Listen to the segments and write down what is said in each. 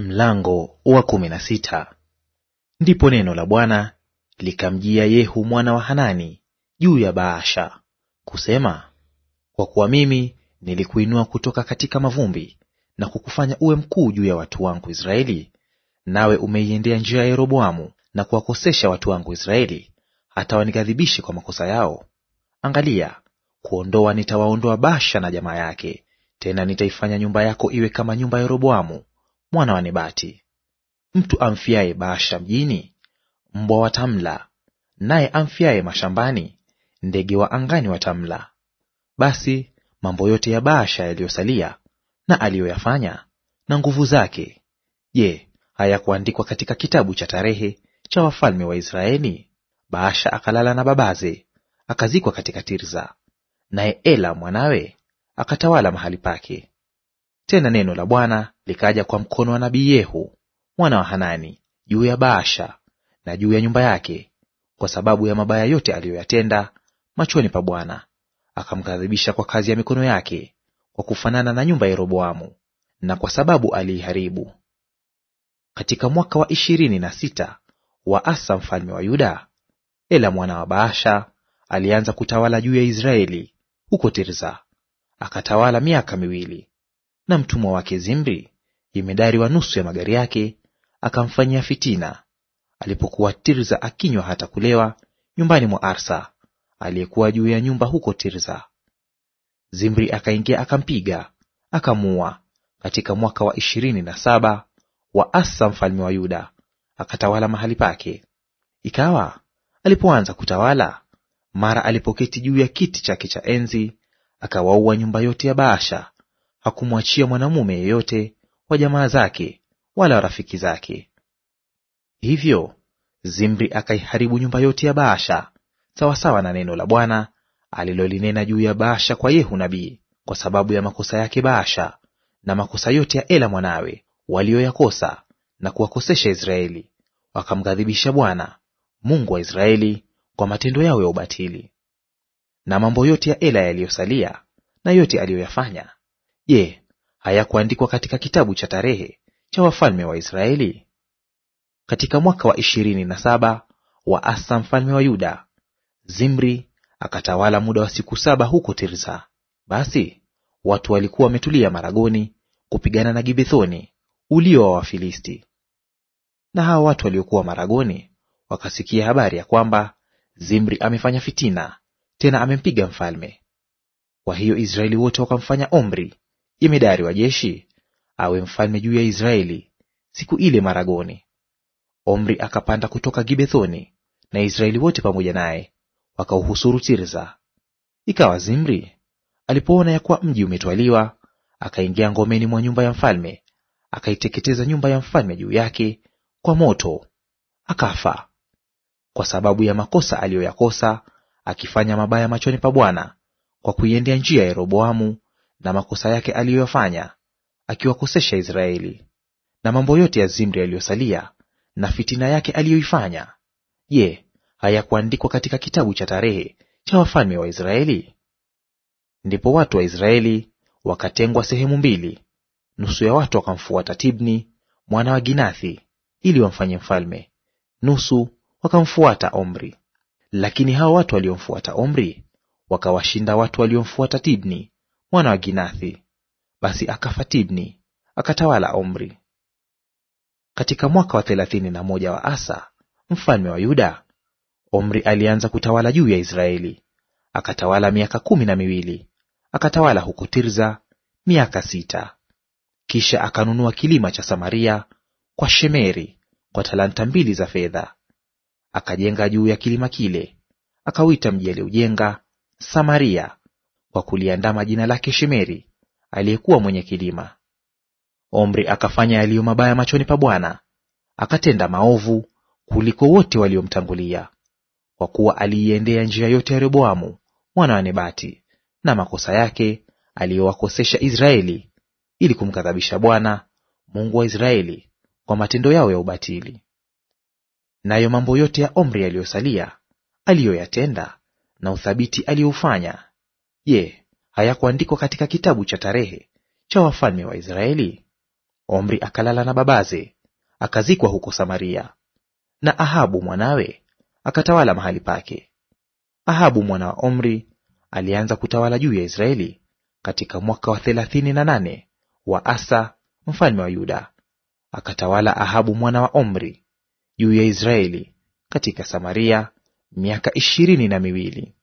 Mlango wa kumi na sita. Ndipo neno la Bwana likamjia Yehu mwana wa Hanani juu ya Baasha kusema, kwa kuwa mimi nilikuinua kutoka katika mavumbi na kukufanya uwe mkuu juu ya watu wangu Israeli, nawe umeiendea njia ya Yeroboamu na kuwakosesha watu wangu Israeli hata wanighadhibishe kwa makosa yao, angalia, kuondoa nitawaondoa Baasha na jamaa yake, tena nitaifanya nyumba yako iwe kama nyumba ya Yeroboamu mwana wa Nebati. Mtu amfiaye Baasha mjini, mbwa watamla; naye amfiaye mashambani, ndege wa angani watamla. Basi mambo yote ya Baasha yaliyosalia na aliyoyafanya na nguvu zake, je, hayakuandikwa katika kitabu cha tarehe cha wafalme wa Israeli? Baasha akalala na babaze, akazikwa katika Tirza, naye Ela mwanawe akatawala mahali pake. Tena neno la Bwana likaja kwa mkono wa nabii Yehu mwana wa Hanani juu ya Baasha na juu ya nyumba yake, kwa sababu ya mabaya yote aliyoyatenda machoni pa Bwana, akamghadhibisha kwa kazi ya mikono yake, kwa kufanana na nyumba ya Yeroboamu, na kwa sababu aliiharibu. Katika mwaka wa ishirini na sita wa Asa mfalme wa Yuda, Ela mwana wa Baasha alianza kutawala juu ya Israeli huko Tirza, akatawala miaka miwili na mtumwa wake Zimri, jemedari wa nusu ya magari yake, akamfanyia fitina alipokuwa Tirza akinywa hata kulewa nyumbani mwa Arsa aliyekuwa juu ya nyumba huko Tirza. Zimri akaingia akampiga akamuua katika mwaka wa ishirini na saba wa Asa mfalme wa Yuda, akatawala mahali pake. Ikawa alipoanza kutawala, mara alipoketi juu ya kiti chake cha enzi, akawaua nyumba yote ya Baasha hakumwachia mwanamume yeyote wa jamaa zake wala rafiki zake. Hivyo Zimri akaiharibu nyumba yote ya Baasha sawasawa na neno la Bwana alilolinena juu ya Baasha kwa Yehu nabii, kwa sababu ya makosa yake Baasha na makosa yote ya Ela mwanawe walioyakosa na kuwakosesha Israeli, wakamghadhibisha Bwana Mungu wa Israeli kwa matendo yao ya ubatili. Na mambo yote ya Ela yaliyosalia na yote aliyoyafanya Je, hayakuandikwa katika kitabu cha tarehe cha wafalme wa Israeli? Katika mwaka wa ishirini na saba wa Asa mfalme wa Yuda, Zimri akatawala muda wa siku saba huko Tirsa. Basi watu walikuwa wametulia maragoni kupigana na Gibethoni ulio wa Wafilisti. Na hawa watu waliokuwa maragoni wakasikia habari ya kwamba Zimri amefanya fitina, tena amempiga mfalme. Kwa hiyo Israeli wote wakamfanya Omri jemedari wa jeshi awe mfalme juu ya Israeli siku ile maragoni. Omri akapanda kutoka Gibethoni na Israeli wote pamoja naye wakauhusuru Tirza. Ikawa Zimri alipoona ya kuwa mji umetwaliwa, akaingia ngomeni mwa nyumba ya mfalme, akaiteketeza nyumba ya mfalme juu yake kwa moto, akafa kwa sababu ya makosa aliyoyakosa, akifanya mabaya machoni pa Bwana kwa kuiendea njia ya Yeroboamu na makosa yake aliyoyafanya akiwakosesha Israeli, na mambo yote ya Zimri yaliyosalia na fitina yake aliyoifanya, je, hayakuandikwa katika kitabu cha tarehe cha wafalme wa Israeli? Ndipo watu wa Israeli wakatengwa sehemu mbili, nusu ya watu wakamfuata Tibni mwana wa Ginathi ili wamfanye mfalme, nusu wakamfuata Omri. Lakini hao watu waliomfuata Omri wakawashinda watu waliomfuata Tibni mwana wa Ginathi. Basi akafa Tibni, akatawala Omri. Katika mwaka wa thelathini na moja wa Asa mfalme wa Yuda, Omri alianza kutawala juu ya Israeli, akatawala miaka kumi na miwili. Akatawala huko Tirza miaka sita. Kisha akanunua kilima cha Samaria kwa Shemeri kwa talanta mbili za fedha, akajenga juu ya kilima kile, akauita mji aliyoujenga Samaria, kwa kuliandama jina lake Shemeri aliyekuwa mwenye kilima. Omri akafanya yaliyo mabaya machoni pa Bwana, akatenda maovu kuliko wote waliomtangulia, kwa kuwa aliiendea njia yote ya roboamu mwana wa Nebati na makosa yake aliyowakosesha Israeli, ili kumkadhabisha Bwana Mungu wa Israeli kwa matendo yao ya ubatili. Nayo mambo yote ya Omri yaliyosalia aliyoyatenda na uthabiti aliyoufanya Je, hayakuandikwa katika kitabu cha tarehe cha wafalme wa Israeli? Omri akalala na babaze, akazikwa huko Samaria, na Ahabu mwanawe akatawala mahali pake. Ahabu mwana wa Omri alianza kutawala juu ya Israeli katika mwaka wa thelathini na nane wa Asa mfalme wa Yuda. Akatawala Ahabu mwana wa Omri juu ya Israeli katika Samaria miaka ishirini na miwili.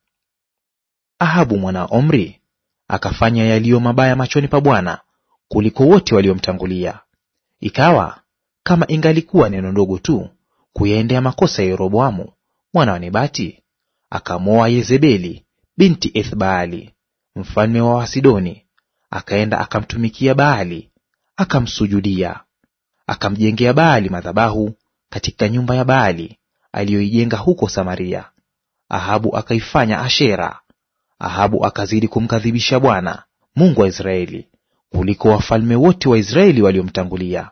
Ahabu mwana wa Omri akafanya yaliyo mabaya machoni pa Bwana kuliko wote waliomtangulia. Ikawa kama ingalikuwa neno ndogo tu kuyaendea makosa ya Yeroboamu mwana wa Nebati, akamwoa Yezebeli binti Ethbaali mfalme wa Wasidoni, akaenda akamtumikia Baali, akamsujudia, akamjengea Baali madhabahu katika nyumba ya Baali aliyoijenga huko Samaria. Ahabu akaifanya Ashera Ahabu akazidi kumkadhibisha Bwana Mungu wa Israeli kuliko wafalme wote wa Israeli waliomtangulia.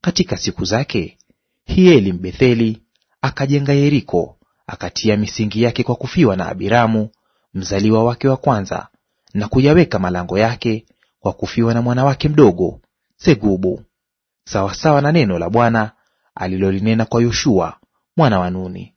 Katika siku zake Hieli Mbetheli akajenga Yeriko, akatia misingi yake kwa kufiwa na Abiramu mzaliwa wake wa kwanza, na kuyaweka malango yake kwa kufiwa na mwana wake mdogo Segubu, sawasawa na neno la Bwana alilolinena kwa Yoshua mwana wa Nuni.